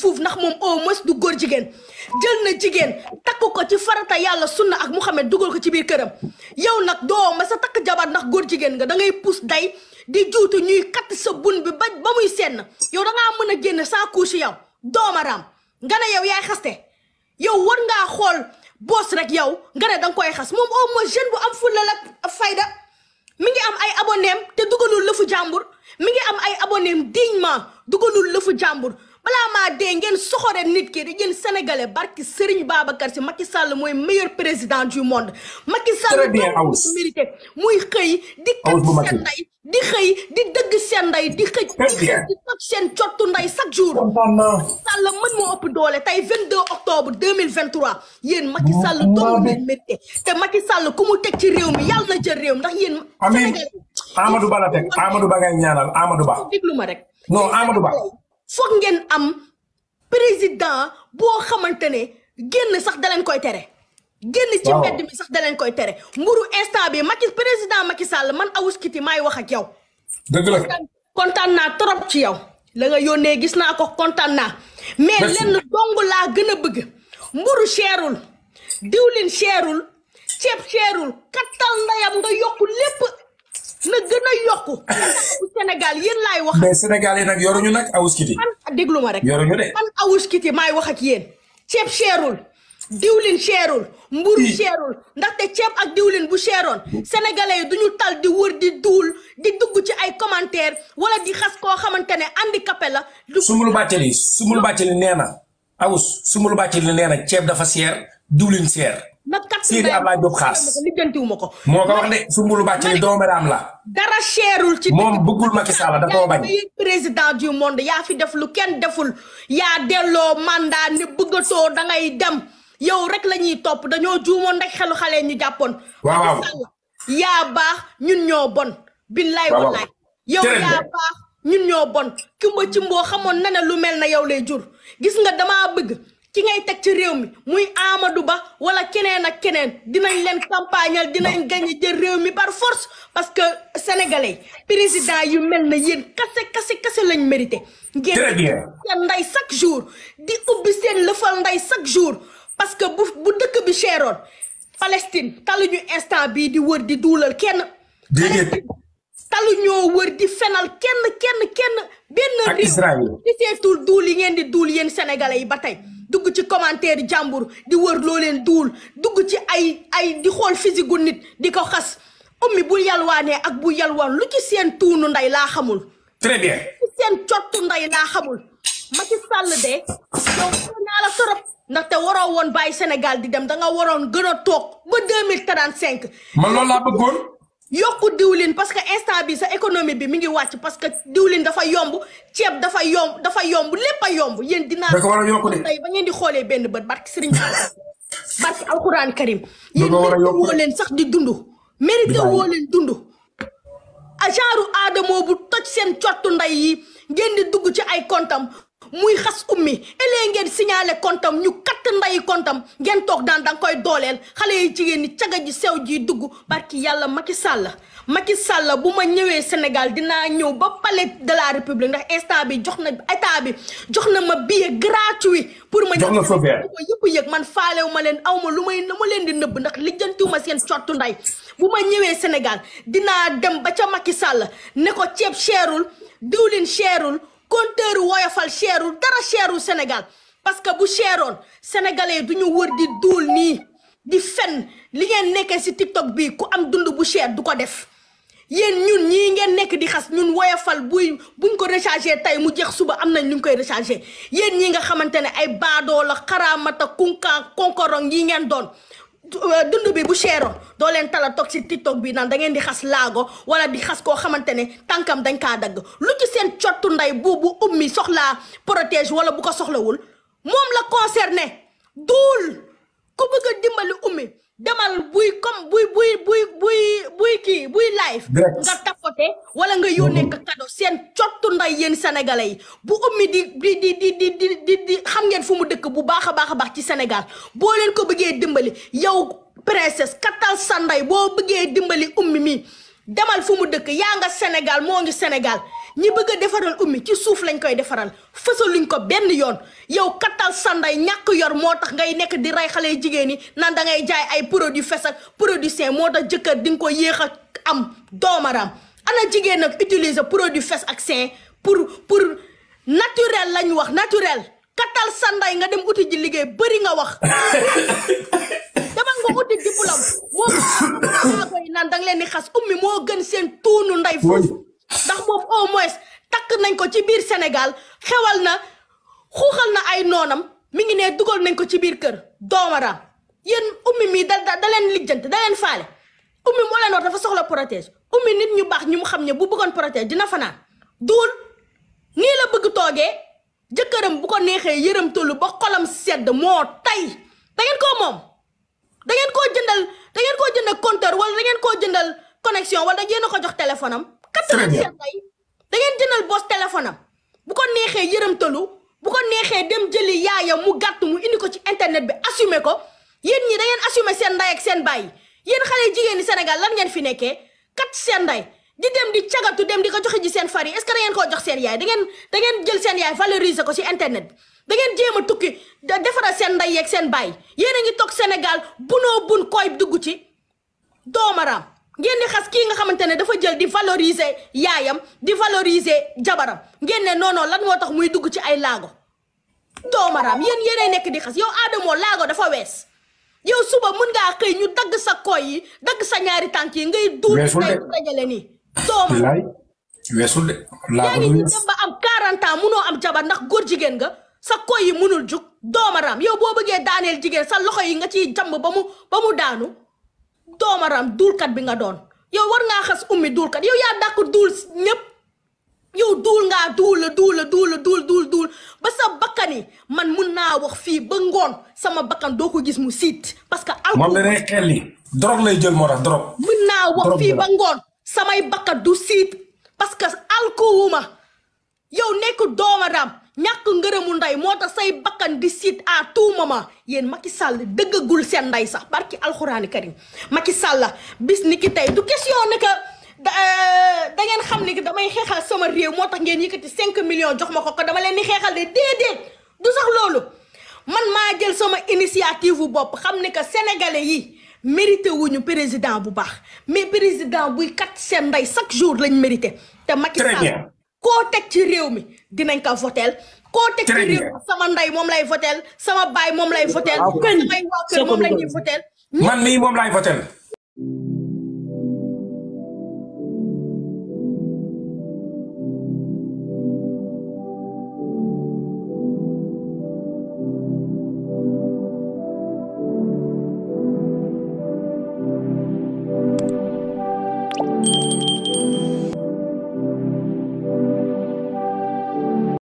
fuuf ndax moom au mos du góor jigéen jël na jigéen takk ko ci farata yàlla sunna ak Muhammad dugal ko ci biir këram yow nag doo ma sa takk jabar ndax góor jigéen nga da ngay puus day di juutu ñuy katt sa bun bi ba ba muy senn yow da ngaa mën a génn sans couche yaw dooma raam nga ne yow yaay xaste yow war ngaa xool boos rek yow nga ne da koy xas moom au moins jeune bu am fulla la fayda mu ngi am ay abonneem te dugalul lëfu jàmbur mi ngi am ay abonneem dignement dugalul lëfu jàmbur balaa maa dee ngeen nit ki di jël sénégalais barki Serigne Babacar Sy Macky mooy meilleur président du monde. Macky Sall doon mérité muy xëy di kat seen di xëy di dëgg seen ndey doole tey 22 octobre 2023 yéen Macky Sall doon ngeen mérité te Macky Sall ku mu teg ci réew mi yàlla na jël réew mi ndax yéen. amiin Amadou Ba la teg Amadou ñaanal Amadou foog ngeen am président boo xamante ne génn sax daleen koy tere. génn ci mbedd mi sax daleen koy tere. mburu instant bi Macky président Macky Sall man Awouskity may wax ak yow. dëgg kontaan naa trop ci yow. la nga yónnee gis naa ko kontaan naa. mais lenn dong laa gën a bëgg. mburu cherul diwlin cherul ceeb cherul kattal ndayam nga yokk lépp. na gën senegal yokku Sénégal wax. mais Sénégal yi nag yoruñu nag awuskiti. man déglu ma rek yoruñu de. man awuskiti maay wax ak yéen ceeb cherul diwlin cherul. mburu cherul ndaxte ceeb ak diwlin bu cheroon sénégalais yi duñu tal di wër di duul di dugg ci ay commentaire wala di xas koo xamante ne handicapé la. sumul bàccali sumul bàccali nee na awus sumul bàccali nee na ceeb dafa seer diwlin seer. na kat Sidi Ablaye Diop xaas ko. moo ko wax de Soumboulou Bathily doomeraam la. dara seerul ci moom bëggul ma Sall da koo bañ. président du monde yaa fi def lu kenn deful yaa delloo màndaa ne bëggatoo da dem yow rek lañuy topp dañoo juumoon rek xelu xale ñu jàppoon. waaw waaw yaa baax ñun ñoo bon. billaay wallaay yow yaa baax ñun ñoo bon. kumba ci xamoon na lu mel na yow la jur gis nga damaa bëgg. ki ngay teg ci réew mi muy Amadou Ba wala keneen ak keneen dinañ leen campagnal dinañ gagné jël réew mi par force parce que sénégalais président yu mel na yéen kase kase kase lañ mérité. très bien ngeen seen nday chaque jour di ubbi seen lëfal nday chaque jour parce que bu bu dëkk bi cheroon Palestine taluñu instant bii di wër di duulal kenn. Palestine talu ñoo wër di fenal kenn kenn kenn benn réew. ak Israël di duul yi ngeen di duul yéen sénégalais yi ba tey. dugg ci commentaire jàmbur di wër loo leen duul dugg ci ay ay di xool physique gu nit di ko xas ummi bu yalwaanee ak bu yalwaan lu ci seen tuunu nday laa xamul. très bien. lu ci seen cottu nday laa xamul. Macky Sall de yow naa la torop ndaxte waroo woon bàyyi Sénégal di dem da nga waroon gën a toog ba deux mille trente cinq. man loolu laa bëggoon. yokku diwlin parce que instant bi sa économie bi mi ngi wàcc parce que diwlin dafa yomb ceeb dafa yomb dafa yomb lépp a yomb yéen dinaa tey ba ngeen di xoolee benn bët barki sëriñ barki alquran karim yéen mérité woo leen sax di dund mérité woo leen dund a genre aadamoo bu toj seen cottu nday yi ngeen di dugg ci ay kontam muy xas ummi elee ngeen signalé kontam ñu katt ndayi kontam ngeen toog daan danga koy dooleel xale yi jigéen ñi caga ji sew ji dugg barki yàlla Macky Sall Macky Sall bu ma ñëwee Sénégal dinaa ñëw ba palais de ndax instant bi jox na état bi jox na ma billet gratuit pour ma ñëw ko yëpp yëg man faalewu ma leen awma lu may lu ma leen di nëbb ndax lijjantiwu ma seen cottu nday bu ma ñëwee Sénégal dinaa dem ba ca Macky Sall ne ko ceeb cherul diwlin cherul compteur woyofal cherul dara cherul Sénégal parce que bu cheroon sénégalais du ñu wër di duul nii di fen li ngeen nekkee si TikTok bii ku am dund bu cher du ko def yéen ñun ñi ngeen nekk di xas ñun woyofal bu buñ ko rechargé tey mu jeex suba am nañ lu ñu koy rechargé yéen ñi nga xamante ne ay baadoo la xaraamata kunkaan konkorong ngeen doon Euh, dund bi bu cheroon doo leen tala toog si tiktok bi naan da ngeen di xas laago wala di xas koo xamante ne tànkam dañ kaa dagg lu ci seen cottu nday bu bu ummi soxlaa protège wala bu ko soxlawul moom la concerné duul ku bëgg dimbali ummi demal buy comme buy buy buy buy buy kii buy live yónnee wala nga yónnee ka cadeau seen cottu nday yéen sénégalais yi bu ummi di di di di di di di xam ngeen fu mu dëkk bu baax a baax a baax ci Sénégal boo leen ko bëggee dimbali yow princesse kattal sa nday boo bëggee dimbali ummi mi demal fu mu dëkk yaa nga Sénégal moo ngi Sénégal ñi bëgg a defaral ummi ci suuf lañ koy defaral fësaluñ ko benn yoon yow kattal sanday ñàkk yor moo tax ngay nekk di rey xale jigéen yi nan da ngay jaay ay produit fes ak produit sain moo tax jëkkër di nga ko yéex a am doomaram ana jigéen nag utiliser produit fes ak sein pour pour naturel lañ wax naturel katal sanday nga dem uti ji liggéey bari nga wax dama nga uti diplôme moom maa koy naan leen di xas ummi moo gën seen tuunu nday foofu ndax boobu au moins takk nañ ko ci biir Sénégal xewal na xuuxal na ay noonam mi ngi ne dugal nañ ko ci biir kër doomaraam yenn ummi mii da da leen lijjante da leen faale ummi moo leen wax dafa soxla protège ummi nit ñu baax ñu mu xam ne bu bëggoon protéger dina fanaan duul nii la bëgg toogee jëkkëram bu ko neexee yërëm tollu ba xolam sedd moo tay da ngeen koo moom koo jëndal da koo jëndal compteur wala ngeen koo jëndal connexion wala da ngeen ko jox téléphone am quatre-vingt-sept tay da ngeen bu ko neexee yërëm bu ko neexee dem jëli yaayam mu gàtt mu indi ko ci internet bi assumer ko yéen ñi da ngeen assumer seen nday ak seen bàyyi yéen xale jigéen ñi Sénégal lan ngeen fi nekkee kat seen ndey di dem di cagatu dem di ko joxe ji seen fari yi est-ce que da ngeen koo jox seen yaay da jël seen yaay valoriser ko ci internet bi da ngeen jéem a tukki defaral seen ndey yeek seen baay yéen a ngi toog Sénégal bunoo bun koy dugg ci doomaraam ngeen di xas ki nga xamante ne dafa jël di valoriser yaayam di valoriser jabaram ngeen ne non lan moo tax muy dugg ci ay laago doomaraam yéen yéenay nekk di xas yow Adamo laago dafa wees yow suba mën ngaa xëy ñu dagg sa koy yi dagg sa ñaari tànk yi ngay duul ngay dajale nii dooma weesul de yaa ngi am 40 ans góor jigéen nga sa koy yi munul jug doomaram yow boo bëggee daaneel jigéen sa loxo yi nga ci jàmb ba mu ba mu daanu doomaram duulkat bi nga doon yow war ngaa xas ummi duulkat yow yaa dàq duul ñëpp yow duul ngaa duula duula duula dul duul duul ba sa bakkan yi man mun naa wax fii ba ngoon sama bakkan doo ko gis mu siit parce que alcool moom danay xel yi drogue lay moo tax drogue naa wax ba ngoon samay bakkan du siit parce que ma yow nekk doomadam ñàkk ngërëmu ndey moo tax say bakkan di siit à tout moment yéen Macky Sall dëggagul seen ndey sax barki alxuraani karim Macky Sall bis ni ki tey du question ne que Euh, da ngeen xam ni damay xeexal sama réew moo tax ngeen yëkkati cinq millions jox ma ko ko dama leen di xeexal de déedéet du sax loolu man maa jël sama initiative bu bopp xam ni que sénégalais yi mérité wuñu président bu baax mais président buy kat seen ndey chaque jour lañ mérité. te Macky Sall koo teg ci réew mi dinañ ko voteel koo teg ci réew mi sama ndey moom lay voteel sama baay moom lay voteel. Ah samay waa moom la ñuy voteel. man mii moom laay voteel.